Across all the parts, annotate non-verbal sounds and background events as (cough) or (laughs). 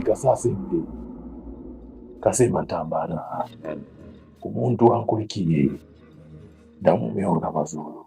ikasase kasema ntambara kumuntu wankulikiye ndamumeona mazulu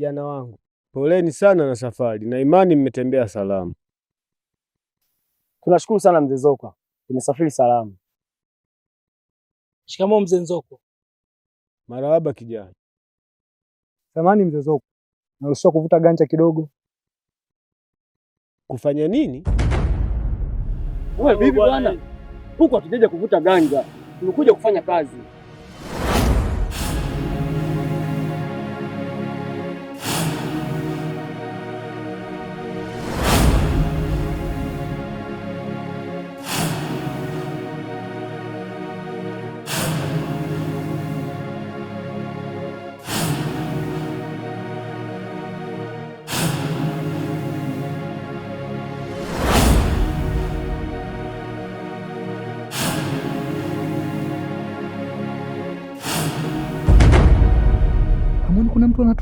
vijana wangu, poleni sana na safari na imani, mmetembea salama. Tunashukuru sana mzee Zokwa, tumesafiri salama. Shikamoo mzee Nzokwa. Marahaba kijana. Samani mzee Zokwa, naruhusiwa kuvuta ganja kidogo? Kufanya nini? Wewe bibi bwana? Huko hatujaja kuvuta ganja, tumekuja kufanya kazi.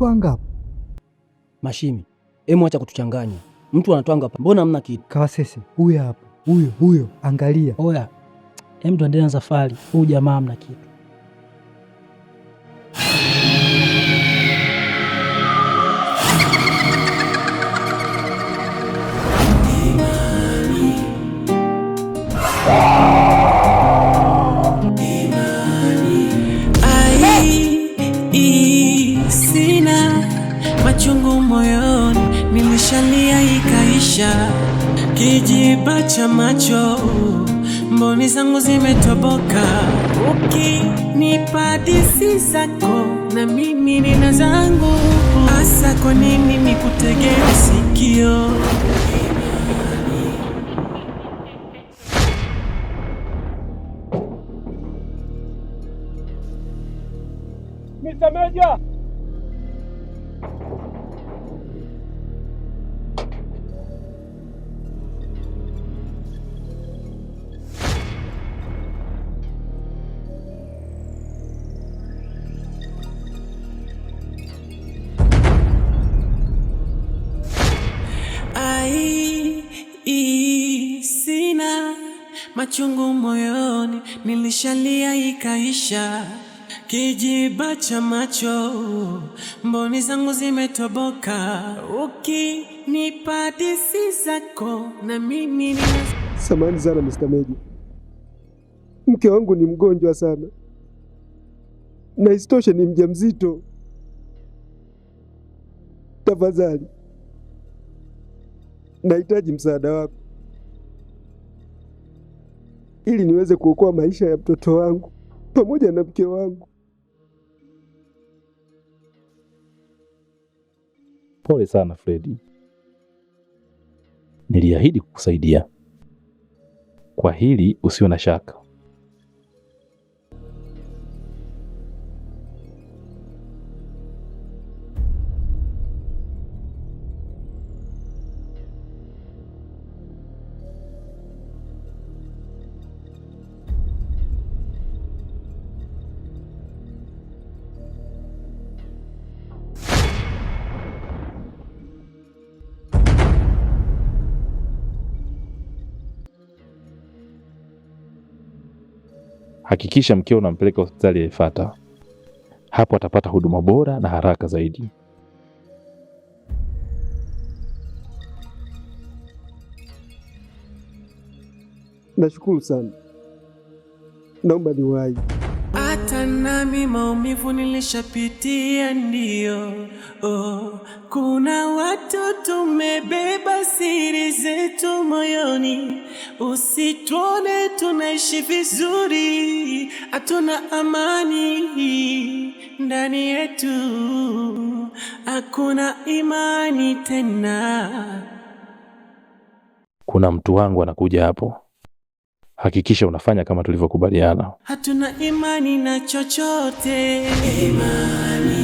unatwanga hapa Mashimi? Emu, acha kutuchanganya. Mtu anatwanga hapa, mbona hamna kitu? Kawasese huyo hapa, huyo huyo, angalia. Oya, em, tuendelee na safari. Huyu jamaa hamna kitu. zangu zimetoboka, ukinipa nipadisi zako na mimi nina zangu. Hasa kwa nini nikutege sikio? uchungu moyoni, nilishalia ikaisha, kijiba cha macho, mboni zangu zimetoboka, ukinipa disi zako na mimi ni samani sana. Mr. Meja, mke wangu ni mgonjwa sana na isitoshe ni mjamzito. Tafadhali nahitaji msaada wako ili niweze kuokoa maisha ya mtoto wangu pamoja na mke wangu. Pole sana Fredi, niliahidi kukusaidia. Kwa hili usiwe na shaka. hakikisha mkeo unampeleka hospitali inayofuata. Hapo atapata huduma bora na haraka zaidi. Nashukuru sana, naomba niwahi nami maumivu nilishapitia, ndio oh. Kuna watu tumebeba siri zetu moyoni, usituone tunaishi vizuri, hatuna amani ndani yetu, hakuna imani tena. Kuna mtu wangu anakuja hapo hakikisha unafanya kama tulivyokubaliana. Hatuna imani na chochote imani.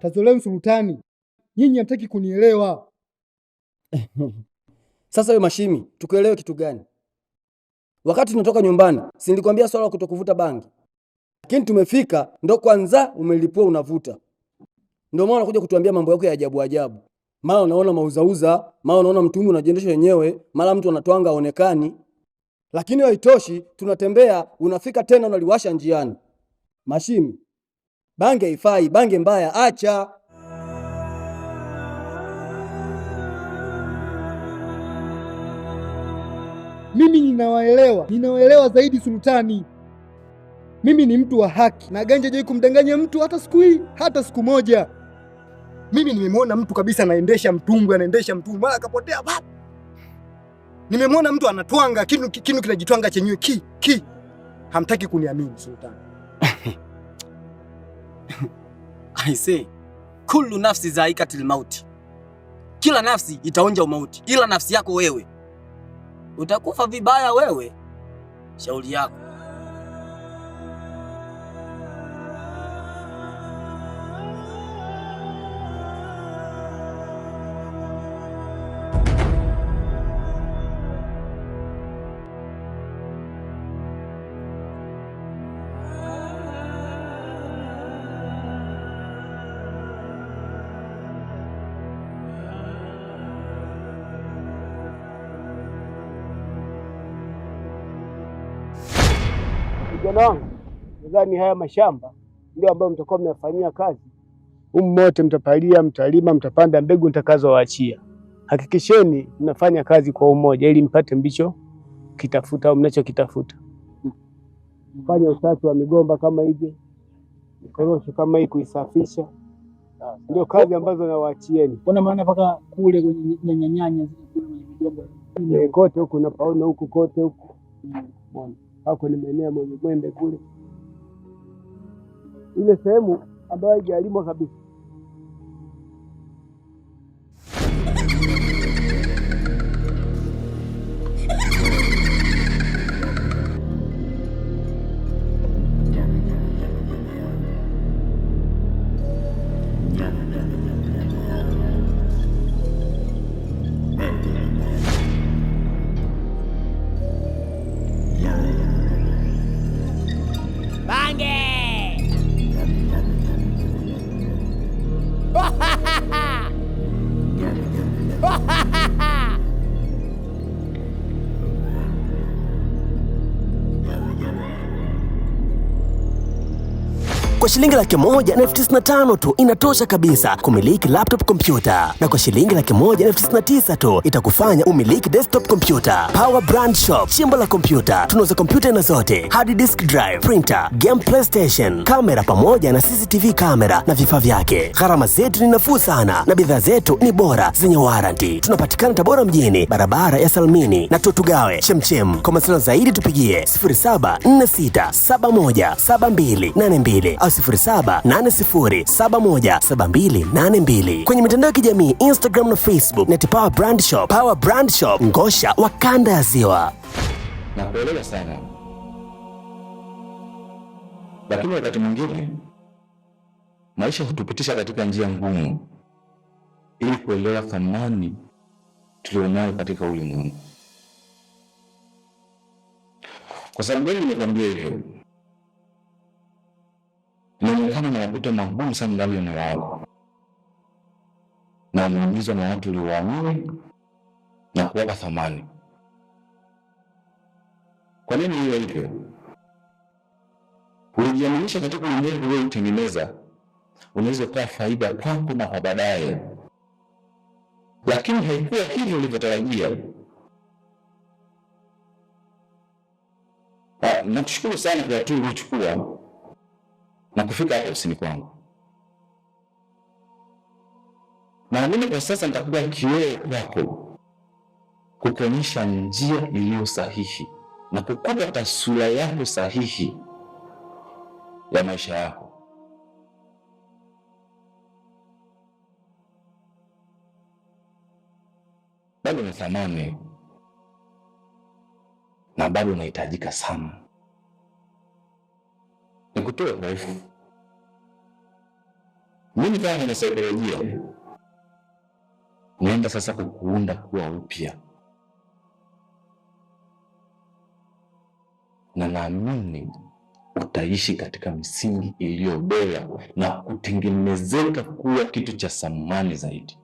Tazoleni Sultani, nyinyi hamtaki kunielewa. (laughs) Sasa wewe Mashimi, tukuelewe kitu gani? Wakati tunatoka nyumbani, si nilikwambia swala la kutokuvuta bangi, lakini tumefika ndo kwanza umelipua unavuta. Ndio maana unakuja kutuambia mambo yako ya ajabu ajabu, mara unaona mauzauza, mara unaona mtumu unajiendesha wenyewe, mara mtu anatwanga aonekani. Lakini haitoshi, tunatembea unafika tena unaliwasha njiani. Mashimi, Bange haifai, bange mbaya, acha. Mimi ninawaelewa, ninawaelewa zaidi Sultani. Mimi ni mtu wa haki na Ganja jai kumdanganya mtu hata siku hii, hata siku moja. Mimi nimemwona mtu kabisa anaendesha mtumbwi, anaendesha mtumbwi mara akapotea Nimemwona mtu anatwanga kinu, kinu kinajitwanga chenyewe ki ki. Hamtaki kuniamini Sultani. (laughs) I say kullu nafsi zaikatil mauti, kila nafsi itaonja umauti, ila nafsi yako wewe utakufa vibaya. Wewe shauri yako. nadhani haya mashamba ndio ambayo mtakuwa mnafanyia kazi humu mote, mtapalia, mtalima, mtapanda mbegu nitakazowaachia. Hakikisheni mnafanya kazi kwa umoja ili mpate mlicho kitafuta au mnachokitafuta. Mfanye usafi wa migomba kama hivi, mikorosho kama hii, kuisafisha ndio kazi ambazo nawaachieni. Kuna maana mpaka kule kwenye nyanyanya eh, kote huku, napaona huku kote huku, hapo ni maeneo ya Mwembe kule. ile sehemu ambayo haijaalimwa kabisa. Kwa shilingi laki moja na elfu tisini na tano tu inatosha kabisa kumiliki laptop kompyuta, na kwa shilingi laki moja na elfu tisini na tisa tu itakufanya umiliki desktop kompyuta. Power Brand Shop, shimbo la kompyuta. Tunauza kompyuta na zote, hard disk drive, printer, game playstation, kamera pamoja na CCTV kamera na vifaa vyake. Gharama zetu ni nafuu sana na bidhaa zetu ni bora zenye waranti. Tunapatikana Tabora mjini, barabara ya Salmini na Tutugawe Chemchem. Kwa masuala zaidi tupigie 0746717282. 078070717282 kwenye mitandao ya kijamii Instagram na Facebook neti Power Brand Shop, Power Brand Shop Ngosha wa kanda ya Ziwa. Nakuelewa sana, lakini wakati mwingine maisha hutupitisha katika njia ngumu ili kuelewa thamani tulionayo katika ulimwengu. Kwa sababu gani nimekwambia hivyo? inaonekana na yapita magumu sana ndani ya na umeumizwa na watu uliowaamini na kuwapa thamani. Kwa nini hiyo hivyo? Ulijiaminisha katika ulimwengu uliotengeneza unaweza kuwa faida kwako na kwa baadaye, lakini haikuwa hivyo ulivyotarajia. Ah, nakushukuru sana kwa hatua uliochukua na kufika hapo ofisini kwangu. Na mimi kwa sasa nitakuwa kioo kwako, kukuonyesha njia iliyo sahihi na kukupa taswira yako sahihi ya maisha yako. Bado ni thamani na bado unahitajika sana nikutoe dhaifu. Mimi kama mwanasaikolojia naenda sasa kukuunda kuwa upya, na naamini utaishi katika misingi iliyo bora na kutengenezeka kuwa kitu cha thamani zaidi.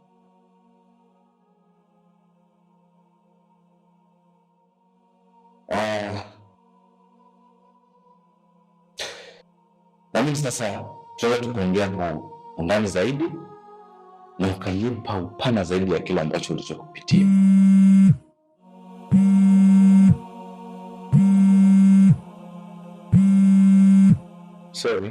Ah. Lakini sasa tunaweza tukaongea kwa undani zaidi na ukanipa upana zaidi ya kile ambacho ulichokupitia. Sorry.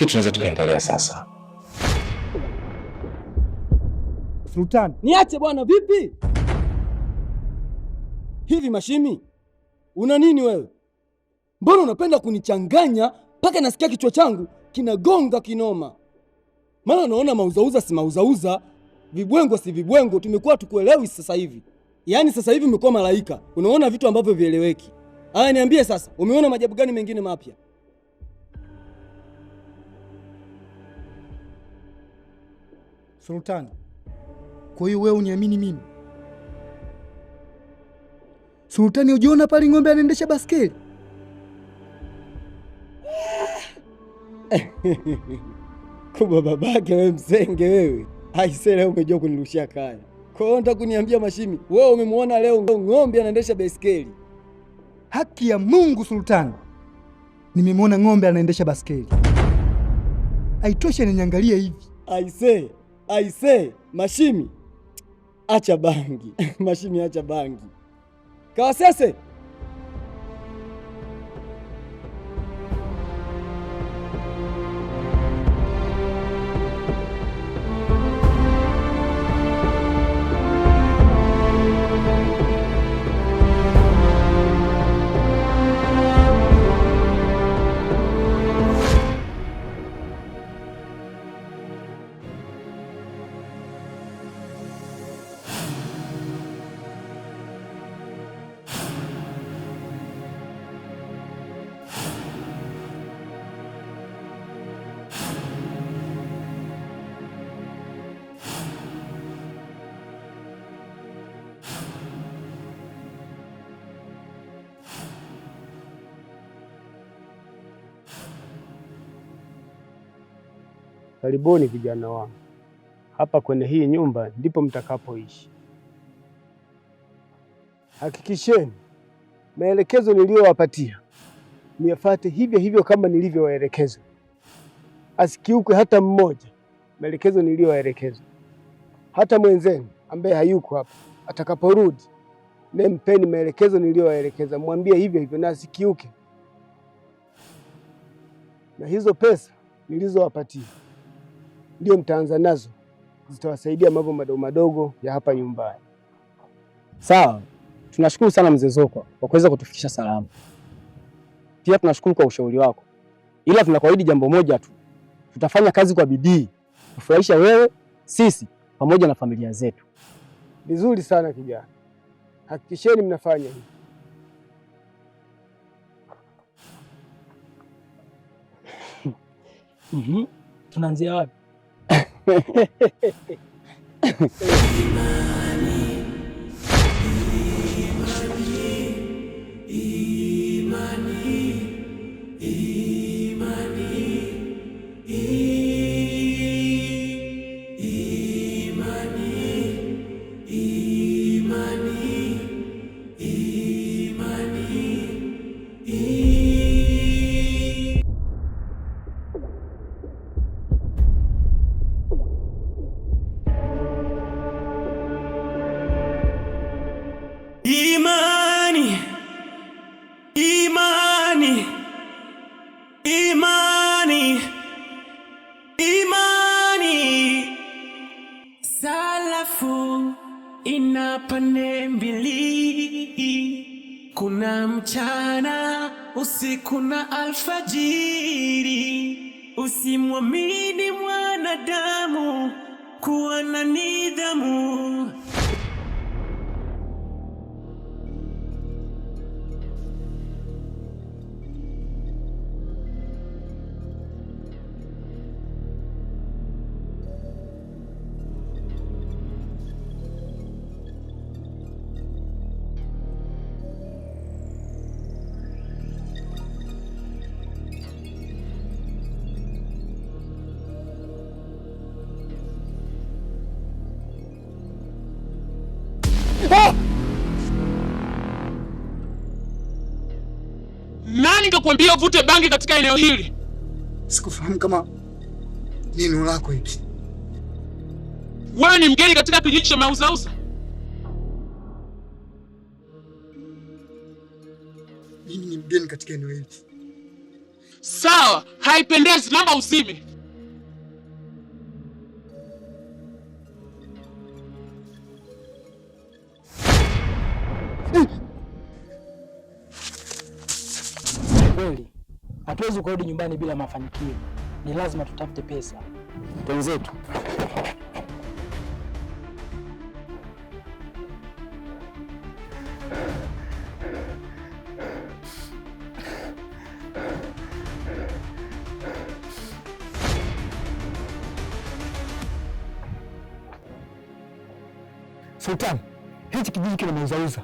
nafikiri tunaweza tukaendelea sasa. Sultan, niache bwana. Vipi hivi Mashimi, una nini wewe? Mbona unapenda kunichanganya mpaka nasikia kichwa changu kinagonga kinoma? Maana naona mauzauza si mauzauza, vibwengo si vibwengo, tumekuwa tukuelewi sasa hivi. Yaani sasa hivi umekuwa malaika, unaona vitu ambavyo vieleweki. Aya, niambie sasa, umeona majabu gani mengine mapya? sultani. Kwa hiyo wewe uniamini mimi? Sultani, ujiona pale ng'ombe anaendesha baskeli? (laughs) Kubwa babake wewe msenge wewe. Aise, leo umejua kunirushia kaya. Kwa hiyo nataka kuniambia Mashimi, wewe umemwona leo ng'ombe anaendesha baskeli? Haki ya Mungu sultani, nimemwona ng'ombe anaendesha baskeli. Aitoshe, niangalie hivi. Aise, Aise, Mashimi acha bangi (laughs) Mashimi acha bangi Kawasese. Karibuni vijana wangu, hapa kwenye hii nyumba ndipo mtakapoishi. Hakikisheni maelekezo niliyowapatia niyafate hivyo hivyo kama nilivyowaelekeza, asikiukwe hata mmoja maelekezo niliyowaelekeza. Hata mwenzenu ambaye hayuko hapa atakaporudi, nempeni maelekezo niliyowaelekeza, mwambie hivyo hivyo na asikiuke. Na hizo pesa nilizowapatia ndio mtaanza nazo, zitawasaidia mambo madogo madogo ya hapa nyumbani. Sawa, tunashukuru sana mzee Zokwa kwa kuweza kutufikisha salama. Pia tunashukuru kwa ushauri wako, ila tunakuahidi jambo moja tu, tutafanya kazi kwa bidii kufurahisha wewe, sisi pamoja na familia zetu. Vizuri sana kijana, hakikisheni mnafanya hivi. (laughs) mm -hmm. Tunaanzia wapi? Amen. (laughs) (laughs) Imani, imani, imani, imani. Salafu ina pande mbili, kuna mchana, usiku na alfajiri. Usimwamini mwanadamu, kuwa na nidhamu nilipokwambia uvute bangi katika eneo hili? Sikufahamu kama ni eneo lako hili. Wewe ni mgeni katika kijiji cha Mauzauza? Mimi ni mgeni katika eneo hili. Sawa, haipendezi, naomba uzime kweli hatuwezi kurudi nyumbani bila mafanikio, ni lazima tutafute pesa. Twenzetu. Sultan, hichi kijiji kina mauzauza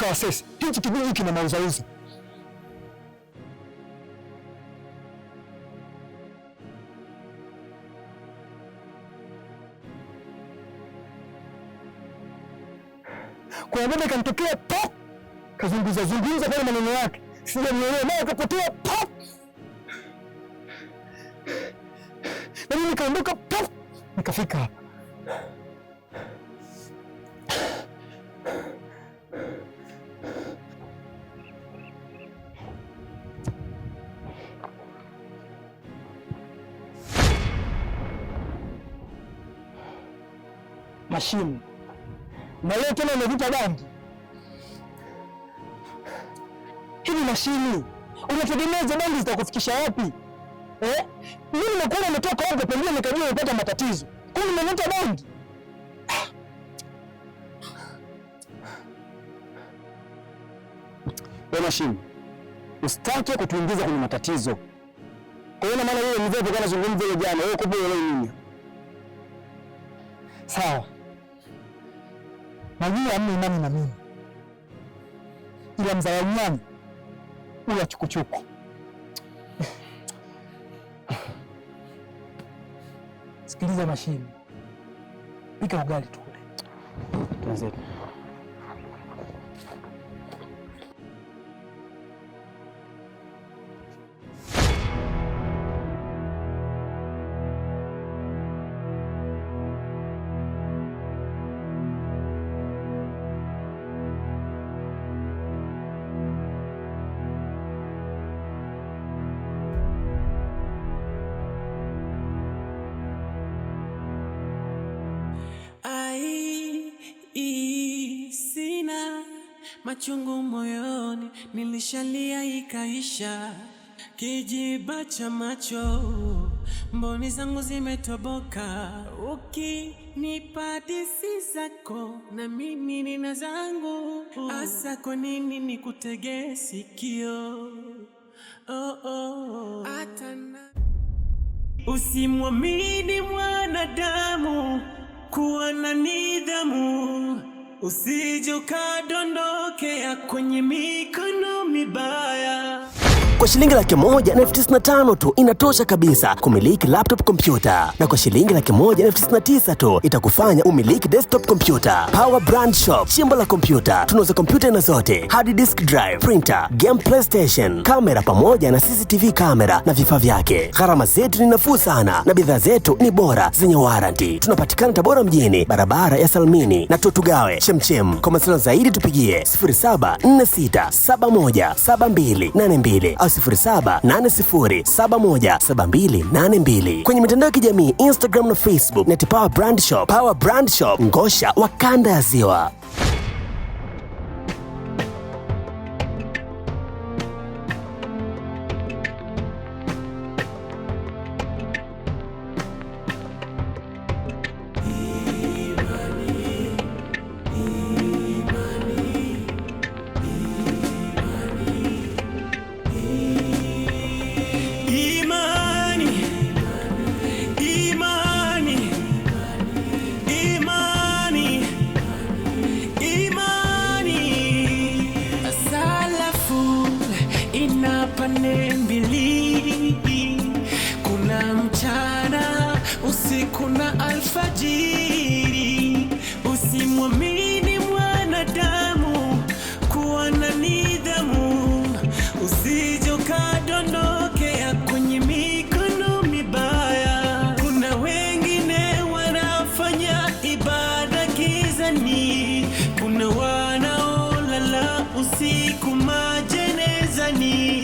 kutoka Wasesi. Hichi kijiji kina mauzauza. Kuna dada ikamtokea pop, kazungumza zungumza pale maneno yake sijamwelewa, naye akapotea pop, na mimi nikaondoka pop, nikafika hapa mashimo, na leo tena umevuta bangi. Hivi mashini unategemeza bangi zitakufikisha wapi eh? Mimi nimekuona umetoka huko, pengine nikajua umepata matatizo, kwani umevuta bangi? We mashini, usitake kutuingiza kwenye matatizo. Kwa hiyo maana yule mzee anazungumza ile jana, wewe kubwa wewe nini? Sawa. Najua hamna imani na mimi, ila nyani ula chukuchuku. Sikiliza mashini, pika ugali tukule. machungu moyoni, nilishalia ikaisha, kijiba cha macho, mboni zangu zimetoboka. Ukinipa disi zako na mimi nina zangu, asa kwa nini nikutegee sikio? Oh, oh, Atana... Usimwamini mwanadamu kuwa na nidhamu usije ukadondokea kwenye mikono mibaya. Kwa shilingi laki moja na elfu tisini na tano tu inatosha kabisa kumiliki laptop kompyuta, na kwa shilingi laki moja na elfu tisini na tisa tu itakufanya umiliki desktop kompyuta. Power Brand Shop, chimbo la kompyuta. Tunauza kompyuta na zote, hard disk drive, printer, game playstation, kamera pamoja na CCTV kamera na vifaa vyake. Gharama zetu ni nafuu sana na bidhaa zetu ni bora zenye waranti. Tunapatikana Tabora mjini, barabara ya Salmini na Tutugawe Chemchem. Kwa masuala zaidi tupigie 0746717282. 078070717282 kwenye mitandao ya kijamii Instagram na Facebook, Netipawa Brand Shop, Power Brand Shop Ngosha wa kanda ya Ziwa. usiku majenezani